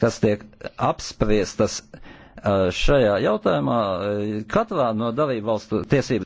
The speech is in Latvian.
kas tiek apspriestas eh, šajā jautājumā, eh, katrā no dalību valstu tiesību